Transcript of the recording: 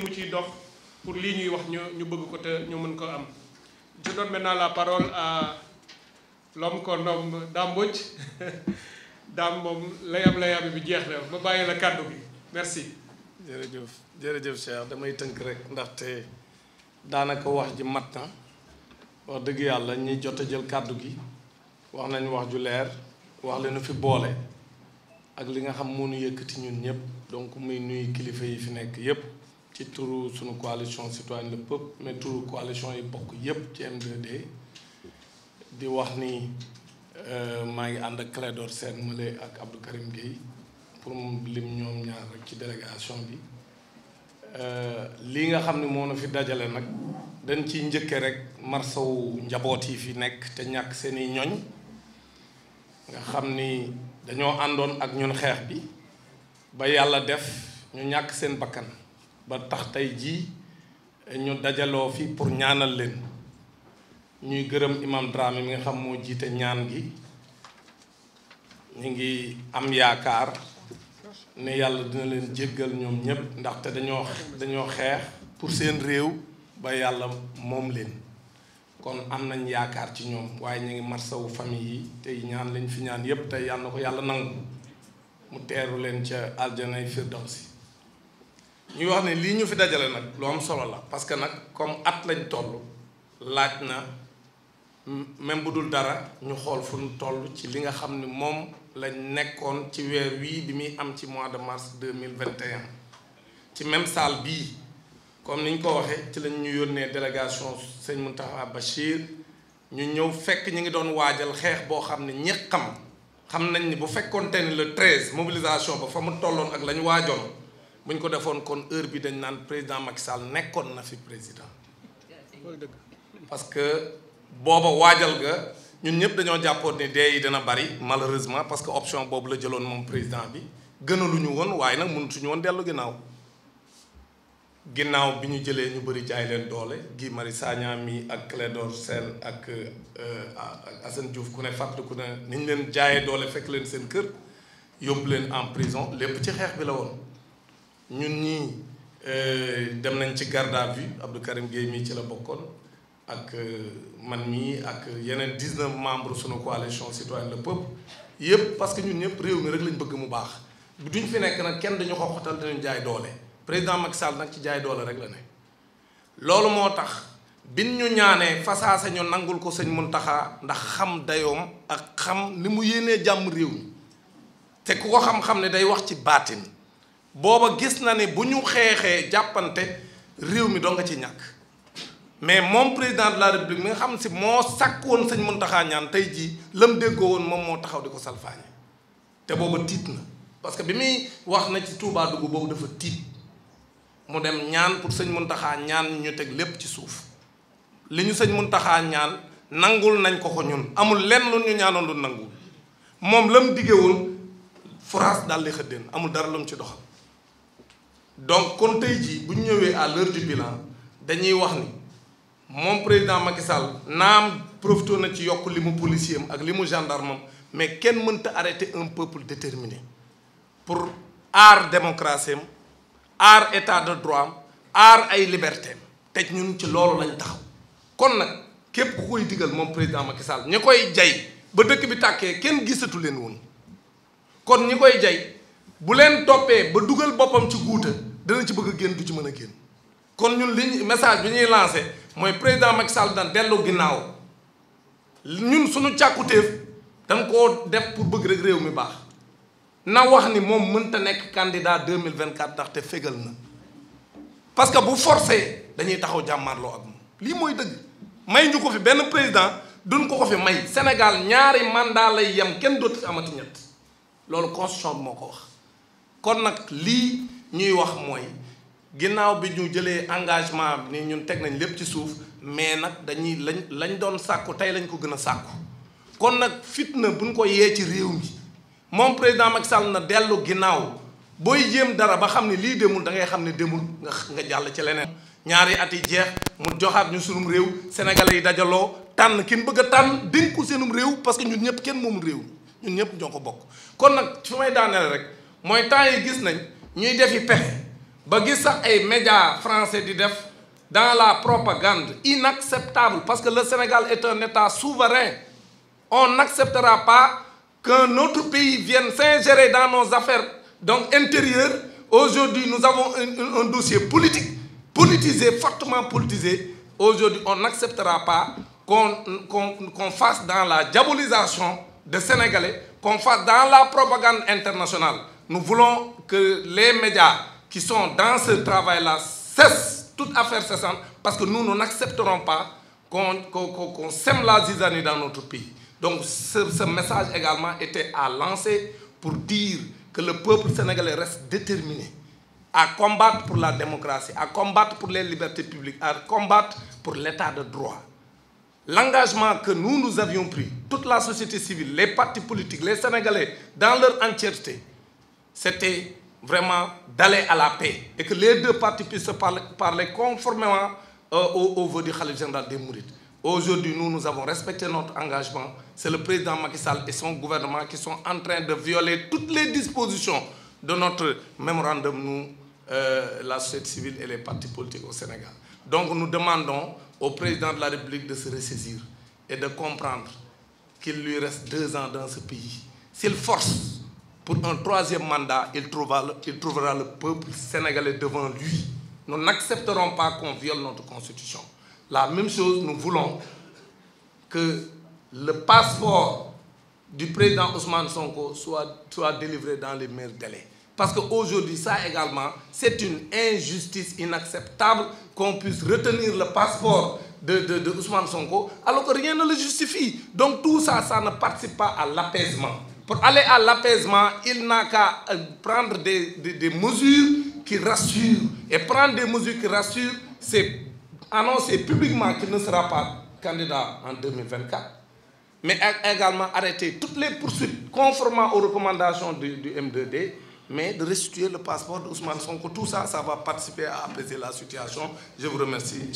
mu ci dox pour lii ñuy wax ñu ñu bëgg ko te ñu mën ko am je donne maintenant la parole a l'homme qu'on nomme Dame Mbodj Dame moom layam bi jeex na ma bàyyi la kàddu gi merci jërëjëf jërëjëf Cheikh damay tënk rek ndaxte daanaka wax ji mat na wax dëgg yàlla ñi jot a jël kàddu gi wax nañ wax ju leer wax li nu fi boole ak li nga xam moo nu yëkkati ñun ñëpp donc muy nuy kilifa yi fi nekk yëpp ci turu sunu coalition citoyenne le peuple mais turu coalition yi bokk yépp ci m d di wax ni euh, maa ngi ànd ak seen Sène ak Abdou Karim Gueye pour mu lim ñoom ñaar rek ci délégation bi euh, lii nga xam ne moo na fi dajale nag dañ ciy njëkke rek marsawu njaboot yi fi nekk te ñàkk seeni ñoñ nga xam ni dañoo àndoon ak ñun xeex bi ba yàlla def ñu ñàkk seen bakkan ba tax tey jii ñu dajaloo fi pour ñaanal leen ñuy gërëm imam Dramé mi nga xam moo jiite ñaan gi ñu ngi am yaakaar ne yàlla dina leen jéggal ñoom ñépp ndaxte dañoo dañoo xeex pour seen réew ba yàlla moom leen kon am nañ yaakaar ci ñoom waaye ñu ngi marsawu famille yi tey ñaan lañ fi ñaan yépp tey yàlla ko yàlla nangu mu teeru leen ca aljanay firdawsi ñuy wax ne lii ñu fi dajale nag lu am solo la parce que nag comme at lañ toll laaj na même bu dul dara ñu xool fu ñu toll ci li nga xam ni moom lañ nekkoon ci weer wii bi muy am ci mois de mars deux mille vingt et ci même salle bii comme ni ñu ko waxee ci lañ ñu yónnee délégation sëñ Mountakha Bachir ñu ñëw fekk ñu ngi doon waajal xeex boo xam ne ñi am xam nañ ni bu fekkoonte ni la treize mobilisation ba fa mu tolloon ak la ñu waajoon. bu ñu ko defoon kon heure bi dañ naan président Macky Sall nekkoon na fi président parce que booba waajal ga ñun ñëpp dañoo jàppoon ni dee yi dana bari malheureusement parce que option boobu la jëloon moom président bi gënaluñu woon waaye nag mun mënutuñu woon dellu ginnaaw ginnaaw bi ñu jëlee ñu bëri jaay leen doole gii Marius Sagna mi ak Clédor Sène ak euh, a Assane Diouf ku ne fàttali ku ne ni ñu leen jaayee doole fekk leen seen kër yóbbu leen en prison lépp ci xeex bi la woon ñun ñii euh, dem nañ ci garde à vue Abdou Karim Gueye mii ci la bokkoon ak euh, man mii ak yeneen 19 membre sunu coalition citoyenne le peuple yëpp parce que ñun ñëpp réew mi rek lañ bëgg mu baax duñ fi nekk na kenn dañu xoxotal dañu jaay doole président Macky Sall nag ci jaay doole rek la ne loolu moo tax bin ñu ñaanee fasaase ñu nangul ko sëñ Muntaxa ndax xam dayoom ak xam li mu yéenee jàmm réew mi te ku ko xam-xam ne day wax ci baatin booba gis na ni bu ñu xeexee jàppante réew mi doo nga ci ñàkk mais moom président de la république mi nga xam si moo sàkk woon sëñ Muntaxa ñaan tey jii lam déggoo woon moom moo taxaw di ko salfaañe te booba tiit na parce que bi muy wax na ci Touba dugg boobu dafa tiit mu dem ñaan pour sëñ taxaa ñaan ñu teg lépp ci suuf li ñu sëñ mun taxaa ñaan nangul nañ ko ko ñun amul lenn lu ñu ñaanoon lu nanguwul moom lam diggewul France daal di xëddeen amul dara lu ci doxal donc kon tey jii bu ñu ñëwee à l'heure bilan dañuy wax ni moom président Macky Sall naam profité na ci yokk li mu policier ak li mu gendarme am mais kenn mënta arrêter un peuple déterminé pour aar démocratie aar état de droit am aar ay liberté te ñun ci loolu lañ taxaw kon nag képp ku koy digal moom président Macky Sall ñi koy jay ba dëkk bi tàkkee kenn gisatu leen woon kon ñi koy jay bu leen toppee ba dugal boppam ci guuta dana ci bëgg a génn du ci mën a génn kon ñun li message bi ñuy lancé mooy président Macky Sall dan dellu ginnaaw ñun suñu càkkutéef dañ koo def pour bëgg rek réew mi baax na wax ni moom mënta nekk candidat 2024 ndax te fégal na parce que bu forcé dañuy taxaw jàmmaarloo ak moom lii mooy dëgg may ñu ko fi benn président duñ ko ko fi may senegal ñaari mandat lay yem kenn dootu fi amati ñett loolu constitution bi moo ko wax kon nag lii ñuy wax mooy ginnaaw bi ñu jëlee engagement ni ñun teg nañ lépp ci suuf mais nag dañuy lañ lañ doon sàkku tey lañ ko gën a sàkku kon nag fit fitna buñ ko yee ci réew mi moom président Macky sàll na dellu ginnaaw booy jéem dara ba xam ne lii demul da ngay xam ne demul nga nga jàll ci leneen. ñaari at yi jeex mu joxaat ñu sunum réew sénégale yi dajaloo tànn kin bëgg a tànn dénku seenum réew parce que ñun ñëpp kenn moomul réew ñun ñëpp ñoo ko bokk kon nag fi may daaneel rek mooy temps yi gis nañ. ñuy defi pexe ba gis sax ay médias français di def dans la propagande inacceptable parce que le Sénégal est un État souverain on n'acceptera pas qu'un autre pays vienne s'ingérer dans nos affaires donc intérieures aujourd'hui nous avons un, un, un dossier politique politisé fortement politisé aujourd'hui on n'acceptera pas qu'on qu'on qu'on fasse dans la diabolisation de Sénégalais qu'on fasse dans la propagande internationale Nous voulons que les médias qui sont dans ce travail-là cessent toute affaire cessante parce que nous, nous n'accepterons pas qu'on qu qu la zizanie dans notre pays. Donc ce, ce message également était à lancer pour dire que le peuple sénégalais reste déterminé à combattre pour la démocratie, à combattre pour les libertés publiques, à combattre pour l'état de droit. L'engagement que nous, nous avions pris, toute la société civile, les partis politiques, les Sénégalais, dans leur entièreté, c'était vraiment d'aller à la paix et que les deux parties puissent se parler, parler conformément euh, au, au vœu du Khalif général des Mourides. Aujourd'hui, nous, nous avons respecté notre engagement. C'est le président Macky Sall et son gouvernement qui sont en train de violer toutes les dispositions de notre mémorandum, nous, euh, la société civile et les partis politiques au Sénégal. Donc nous demandons au président de la République de se ressaisir et de comprendre qu'il lui reste deux ans dans ce pays. S'il pour un troisième mandat, il trouvera, le, il trouvera le peuple sénégalais devant lui. Nous n'accepterons pas qu'on viole notre constitution. La même chose, nous voulons que le passeport du président Ousmane Sonko soit, soit délivré dans les meilleurs délais. Parce qu'aujourd'hui, ça également, c'est une injustice inacceptable qu'on puisse retenir le passeport de, de, de Ousmane Sonko alors que rien ne le justifie. Donc tout ça, ça ne participe pas à l'apaisement. Pour aller à l'apaisement, il n'a qu'à euh, prendre des, des, des, mesures qui rassurent. Et prendre des mesures qui rassurent, c'est annoncer publiquement qu'il ne sera pas candidat en 2024. Mais également arrêter toutes les poursuites conformément aux recommandations du, du mais de restituer le passeport d'Ousmane Sonko. Tout ça, ça va participer à apaiser la situation. Je vous remercie.